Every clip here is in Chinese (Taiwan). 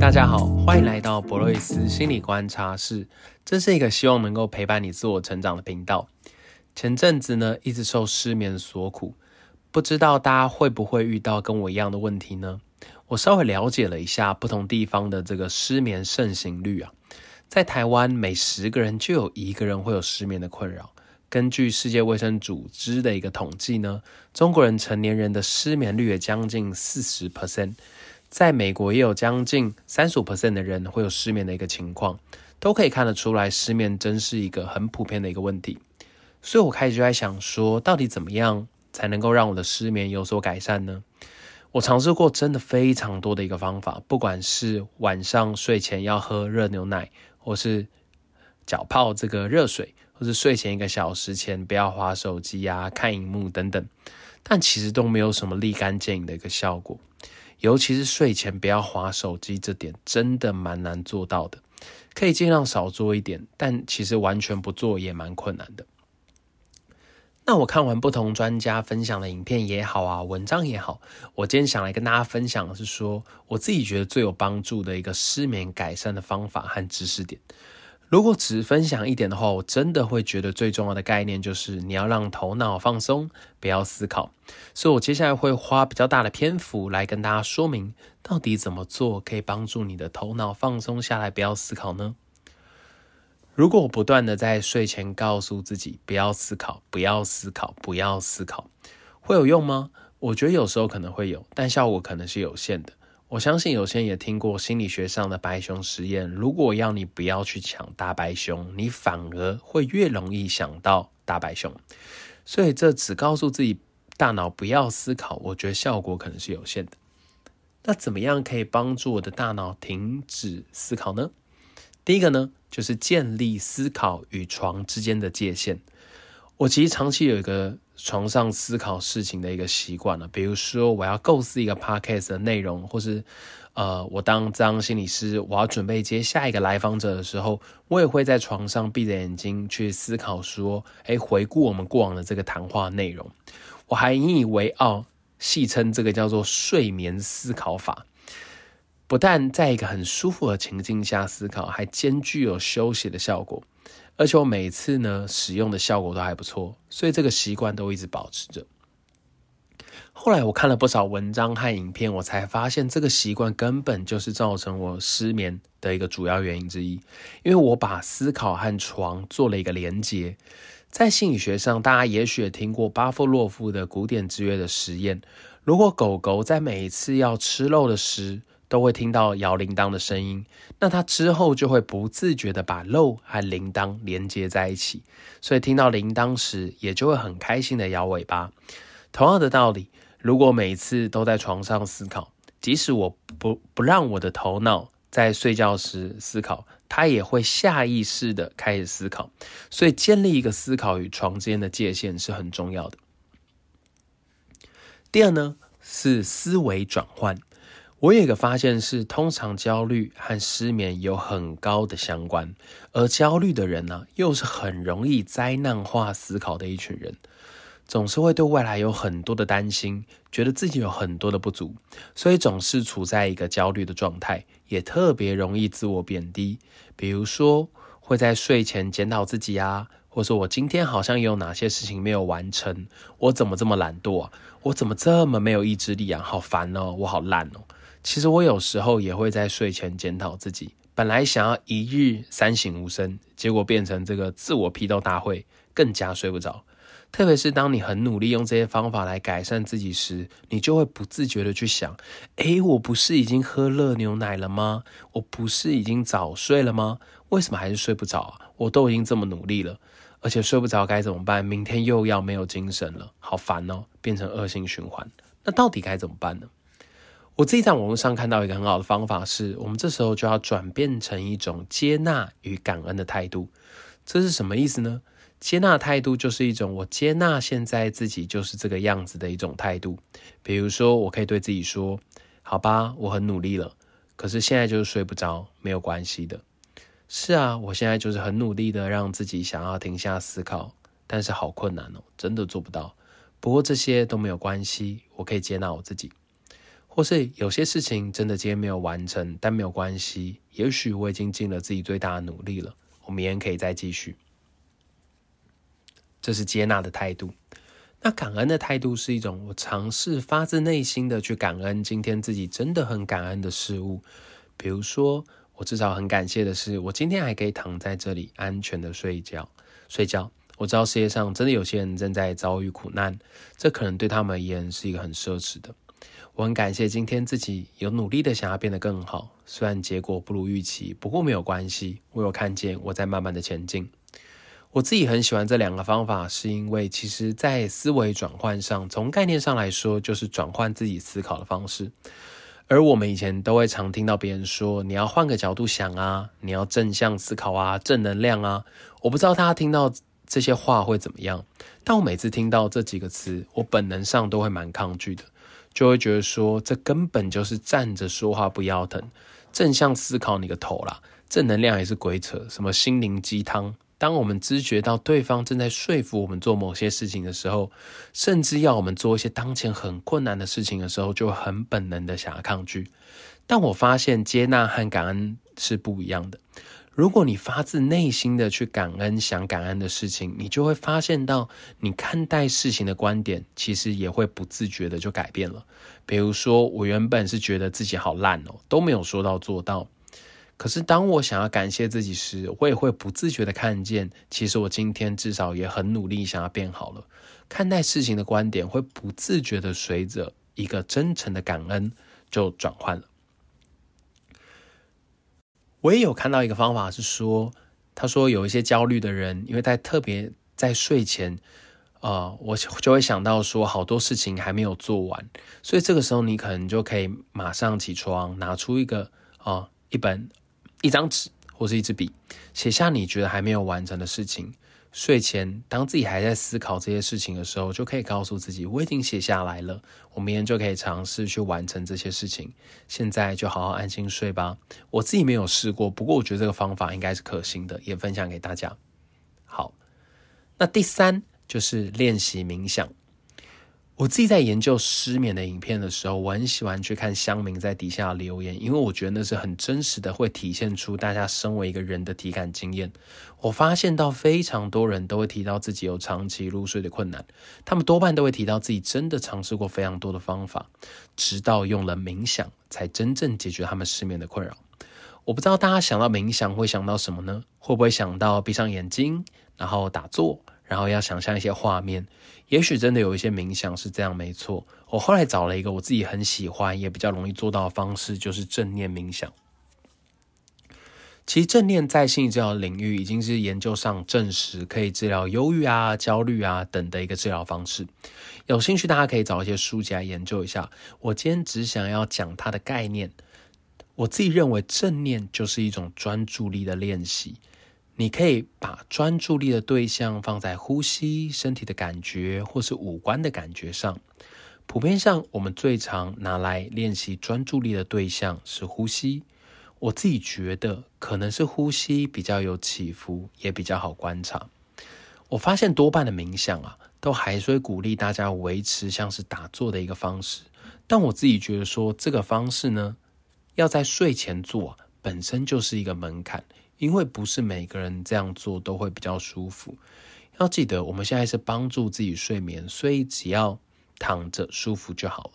大家好，歡迎來到博瑞斯心理觀察室。這是一個希望能夠陪伴你自我成長的頻道。前陣子呢，一直受失眠所苦，不知道大家會不會遇到跟我一樣的問題呢？我稍微了解了一下不同地方的這個失眠盛行率啊，在台灣每十個人就有一個人會有失眠的困擾。根據世界衛生組織的一個統計呢，中國人成年人的失眠率也將近四十 percent。在美國也有將近三十五 percent 的人會有失眠的一個情況，都可以看得出來，失眠真是一個很普遍的一個問題。所以我開始就在想說，到底怎麼樣才能夠讓我的失眠有所改善呢？我嘗試過真的非常多的一個方法，不管是晚上睡前要喝熱牛奶，或是腳泡這個熱水，或是睡前一個小時前不要滑手機啊、看熒幕等等，但其實都沒有什麼立竿見影的一個效果。尤其是睡前不要滑手機，這點真的蠻難做到的，可以盡量少做一點，但其實完全不做也蠻困難的。那我看完不同專家分享的影片也好啊，文章也好，我今天想來跟大家分享的是說，我自己覺得最有幫助的一個失眠改善的方法和知識點。如果只分享一點的話，我真的會覺得最重要的概念就是你要讓頭腦放鬆，不要思考。所以，我接下來會花比較大的篇幅來跟大家說明，到底怎麼做可以幫助你的頭腦放鬆下來，不要思考呢？如果我不斷的在睡前告訴自己不要思考，不要思考、不要思考、不要思考，會有用嗎？我覺得有時候可能會有，但效果可能是有限的。我相信有些人也聽過心理學上的白熊實驗。如果要你不要去想大白熊，你反而會越容易想到大白熊。所以，這只告訴自己大腦不要思考，我覺得效果可能是有限的。那怎麼樣可以幫助我的大腦停止思考呢？第一個呢，就是建立思考與床之間的界限。我其實長期有一個床上思考事情的一個習慣了，比如說我要構思一個 podcast 的內容，或是呃，我當張心理師，我要準備接下一個來訪者的時候，我也會在床上閉着眼睛去思考，說，誒，回顧我們過往的這個談話內容，我還引以為傲，戲稱這個叫做睡眠思考法，不但在一個很舒服的情境下思考，還兼具有休息的效果。而且我每次呢使用的效果都還不錯，所以這個習慣都一直保持着。後來我看了不少文章和影片，我才發現這個習慣根本就是造成我失眠的一個主要原因之一，因為我把思考和床做了一個連接。在心理學上，大家也許也聽過巴甫洛夫的古典制約的實驗，如果狗狗在每一次要吃肉的時，都會聽到搖鈴鐺的聲音，那他之後就會不自覺的把肉和鈴鐺連接在一起，所以聽到鈴鐺時也就會很開心的搖尾巴。同樣的道理，如果每次都在床上思考，即使我不不讓我的頭腦在睡覺時思考，它也會下意識的開始思考。所以建立一個思考與床之間的界限是很重要的。第二呢，是思維轉換。我有一個發現是，通常焦慮和失眠有很高的相關，而焦慮的人呢，又是很容易災難化思考的一群人，總是會對未來有很多的擔心，覺得自己有很多的不足，所以總是處在一個焦慮的狀態，也特別容易自我貶低，比如說會在睡前檢討自己呀，或者說我今天好像有哪些事情沒有完成，我怎麼這麼懶惰啊，我怎麼這麼沒有意志力啊，好煩哦，我好爛哦。其實我有時候也會在睡前檢討自己，本來想要一日三省吾身，結果變成這個自我批鬥大會，更加睡不着。特別是當你很努力用這些方法來改善自己時，你就會不自覺的去想：誒，我不是已經喝熱牛奶了嗎？我不是已經早睡了嗎？為什麼還是睡不着啊？我都已經這麼努力了，而且睡不着該怎麼辦？明天又要沒有精神了，好煩哦！變成惡性循環，那到底該怎麼辦呢？我自己在網絡上看到一個很好的方法是，我們這時候就要轉變成一種接納與感恩的態度。這是什麼意思呢？接納態度就是一種我接納現在自己就是這個樣子的一種態度。比如說，我可以對自己說：“好吧，我很努力了，可是現在就是睡不着，沒有關係的。”是啊，我現在就是很努力的讓自己想要停下思考，但是好困難哦，真的做不到。不過這些都沒有關係，我可以接納我自己。或是有些事情真的今天沒有完成，但沒有關係，也許我已經盡了自己最大的努力了，我明天可以再繼續。這是接納的態度。那感恩的態度是一種，我嘗試發自內心的去感恩今天自己真的很感恩的事物。比如說，我至少很感謝的是，我今天還可以躺在這裡安全的睡覺。睡覺，我知道世界上真的有些人正在遭遇苦難，這可能對他們而言是一個很奢侈的。我很感謝今天自己有努力的想要變得更好，雖然結果不如預期，不過沒有關係，我有看見我在慢慢的前進。我自己很喜歡這兩個方法，是因為其實，在思維轉換上，從概念上來說，就是轉換自己思考的方式。而我們以前都會常聽到別人說：“你要換個角度想啊，你要正向思考啊，正能量啊。”我不知道大家聽到這些話會怎麼樣，但我每次聽到這幾個詞，我本能上都會蠻抗拒的。就會覺得說，這根本就是站着說話不腰疼，正向思考你個頭啦！正能量也是鬼扯，什麼心靈雞湯。當我們知覺到對方正在說服我們做某些事情的時候，甚至要我們做一些當前很困難的事情的時候，就很本能的想要抗拒。但我發現，接納和感恩是不一樣的。如果你發自內心的去感恩，想感恩的事情，你就會發現到，你看待事情的觀點其實也會不自覺的就改變了。比如說，我原本是覺得自己好爛哦，都沒有說到做到。可是當我想要感謝自己時，我也會不自覺的看見，其實我今天至少也很努力想要變好了。看待事情的觀點會不自覺的隨着一個真誠的感恩就轉換了。我也有看到一個方法是說，他說有一些焦慮的人，因為在特別在睡前，啊、呃，我就會想到說好多事情還沒有做完，所以這個時候你可能就可以馬上起床，拿出一個啊、呃、一本一張紙或是一支筆，寫下你覺得還沒有完成的事情。睡前，當自己還在思考這些事情的時候，就可以告訴自己，我已經寫下來了，我明天就可以嘗試去完成這些事情。現在就好好安心睡吧。我自己沒有試過，不過我覺得這個方法應該是可行的，也分享給大家。好，那第三就是練習冥想。我自己在研究失眠的影片的時候，我很喜歡去看鄉民在底下留言，因為我覺得那是很真實的，會體現出大家身為一個人的體感經驗。我發現到非常多人都會提到自己有長期入睡的困難，他們多半都會提到自己真的嘗試過非常多的方法，直到用了冥想，才真正解決他們失眠的困擾。我不知道大家想到冥想會想到什麼呢？會不會想到閉上眼睛，然後打坐？然後要想象一些畫面，也許真的有一些冥想是這樣，沒錯。我後來找了一個我自己很喜歡也比較容易做到的方式，就是正念冥想。其實正念在心理治療領域已經是研究上證實可以治療憂鬱啊、焦慮啊等的一個治療方式。有興趣大家可以找一些書籍來研究一下。我今天只想要講它的概念。我自己認為正念就是一種專注力的練習。你可以把專注力的對象放在呼吸、身體的感覺，或是五官的感覺上。普遍上，我們最常拿來練習專注力的對象是呼吸。我自己覺得，可能是呼吸比較有起伏，也比較好觀察。我發現多半的冥想啊，都還是會鼓勵大家維持像是打坐的一個方式。但我自己覺得說，這個方式呢，要在睡前做啊。本身就是一個門檻，因為不是每個人這樣做都會比較舒服。要記得，我們現在是幫助自己睡眠，所以只要躺着舒服就好了。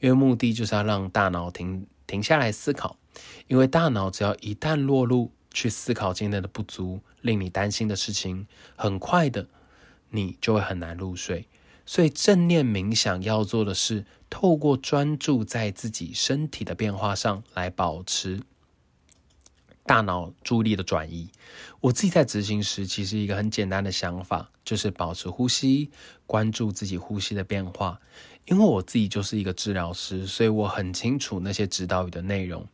因為目的就是要讓大腦停停下來思考。因為大腦只要一旦落入去思考今天的不足、令你擔心的事情，很快的你就會很難入睡。所以正念冥想要做的是，透過專注在自己身體的變化上來保持。大腦注意力的轉移，我自己在執行時，其實一個很簡單的想法，就是保持呼吸，關注自己呼吸的變化。因為我自己就是一個治療師，所以我很清楚那些指導語的內容。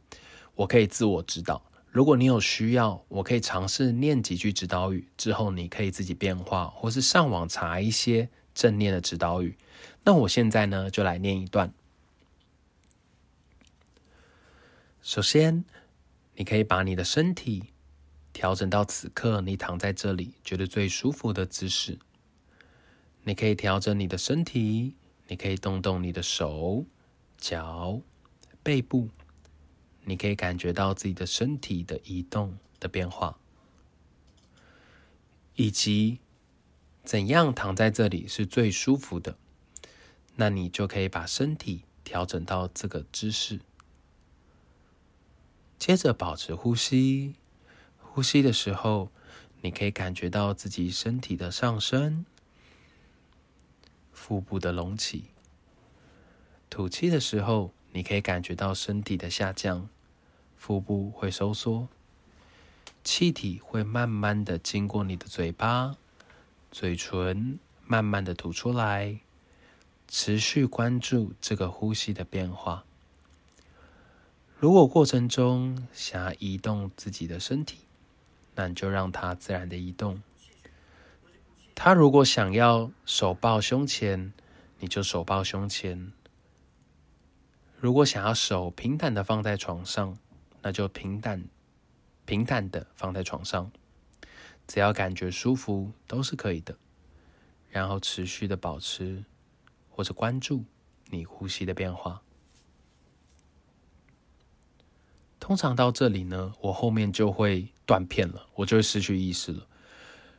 我可以自我指導。如果你有需要，我可以嘗試念幾句指導語，之後你可以自己變化，或是上網查一些正念的指導語。那我現在呢，就來念一段。首先。你可以把你的身體調整到此刻你躺在這裡覺得最舒服的姿勢。你可以調整你的身體，你可以動動你的手、腳、背部，你可以感覺到自己的身體的移動的變化，以及怎樣躺在這裡是最舒服的。那你就可以把身體調整到這個姿勢。接着保持呼吸，呼吸的時候，你可以感覺到自己身體的上升，腹部的隆起。吐氣的時候，你可以感覺到身體的下降，腹部會收縮，氣體會慢慢的經過你的嘴巴，嘴唇慢慢的吐出來。持續關注這個呼吸的變化。如果過程中想要移動自己的身體，那你就讓它自然的移動。他如果想要手抱胸前，你就手抱胸前；如果想要手平坦的放在床上，那就平坦、平坦的放在床上。只要感覺舒服都是可以的。然後持續的保持或者關注你呼吸的變化。通常到這裡呢，我後面就會斷片了，我就會失去意識了。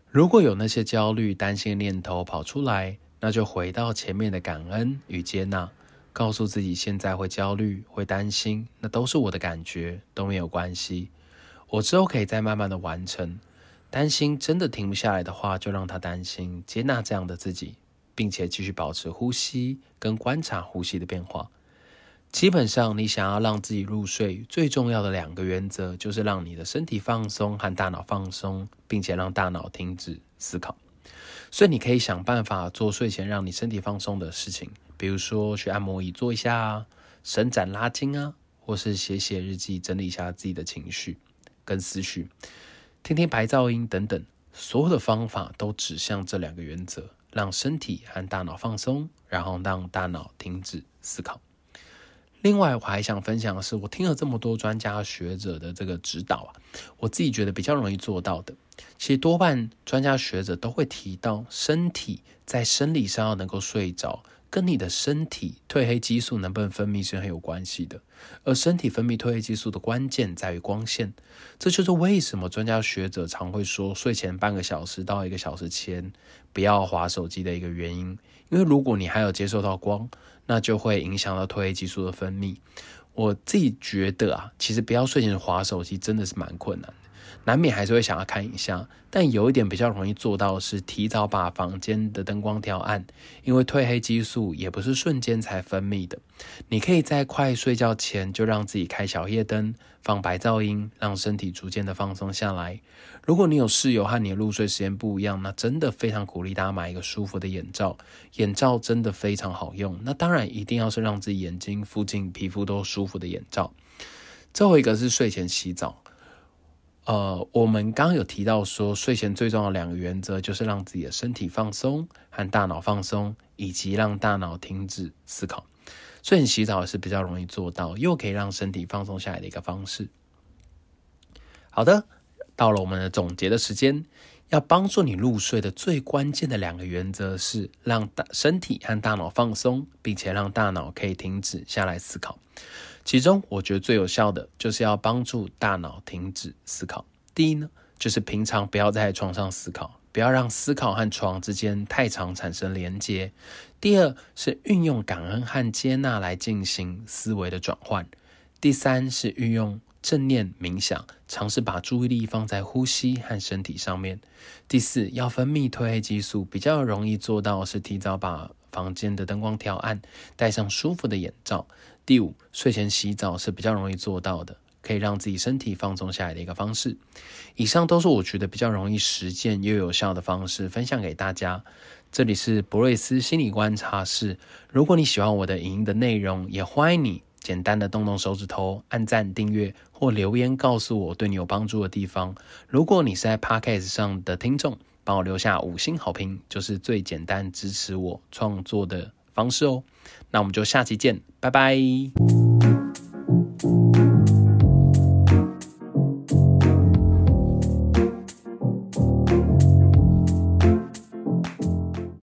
如果有那些焦慮、擔心的念頭跑出來，那就回到前面的感恩與接納，告訴自己現在會焦慮、會擔心，那都是我的感覺，都沒有關係。我之後可以再慢慢的完成。擔心真的停不下來的話，就讓他擔心，接納這樣的自己，並且繼續保持呼吸跟觀察呼吸的變化。基本上，你想要讓自己入睡，最重要的兩個原則就是讓你的身體放鬆和大腦放鬆，並且讓大腦停止思考。所以，你可以想辦法做睡前讓你身體放鬆的事情，比如說去按摩椅做一下啊，伸展拉筋啊，或是寫寫日記，整理一下自己的情緒跟思緒，聽聽白噪音等等。所有的方法都指向這兩個原則：讓身體和大腦放鬆，然後讓大腦停止思考。另外，我還想分享的是，我聽了這麼多專家學者的這個指導啊，我自己覺得比較容易做到的，其實多半專家學者都會提到，身體在生理上要能夠睡着。跟你的身體褪黑激素能不能分泌是很有關係的，而身體分泌褪黑激素的關鍵在於光線，這就是為什麼專家學者常會說睡前半個小時到一個小時前不要滑手機的一個原因，因為如果你還有接受到光，那就會影響到褪黑激素的分泌。我自己覺得啊，其實不要睡前滑手機真的是蠻困難的。難免還是會想要看一下，但有一點比較容易做到的是提早把房間的燈光調暗，因為褪黑激素也不是瞬間才分泌的。你可以在快睡覺前就讓自己開小夜燈，放白噪音，讓身體逐漸的放鬆下來。如果你有室友和你的入睡時間不一樣，那真的非常鼓勵大家買一個舒服的眼罩，眼罩真的非常好用。那當然一定要是讓自己眼睛附近皮膚都舒服的眼罩。最後一個是睡前洗澡。呃，我們剛剛有提到說，睡前最重要的兩個原則就是讓自己的身體放鬆和大腦放鬆，以及讓大腦停止思考。睡前洗澡也是比較容易做到，又可以讓身體放鬆下來的一個方式。好的，到了我們的總結的時間，要幫助你入睡的最關鍵的兩個原則是讓身體和大腦放鬆，並且讓大腦可以停止下來思考。其中，我覺得最有效的就是要幫助大腦停止思考。第一呢，就是平常不要在床上思考，不要讓思考和床之間太常產生連接。第二，是運用感恩和接納來進行思維的轉換。第三，是運用正念冥想，嘗試把注意力放在呼吸和身體上面。第四，要分泌褪黑激素，比較容易做到是提早把房間的燈光調暗，戴上舒服的眼罩。第五，睡前洗澡是比較容易做到的，可以讓自己身體放鬆下來的一個方式。以上都是我覺得比較容易實踐又有效的方式，分享給大家。這裡是博瑞斯心理觀察室。如果你喜歡我的影音的內容，也歡迎你簡單的動動手指頭，按讚、訂閱或留言告訴我對你有幫助的地方。如果你是在 Podcast 上的聽眾，幫我留下五星好評，就是最簡單支持我創作的。方式哦，那我們就下期見，拜拜。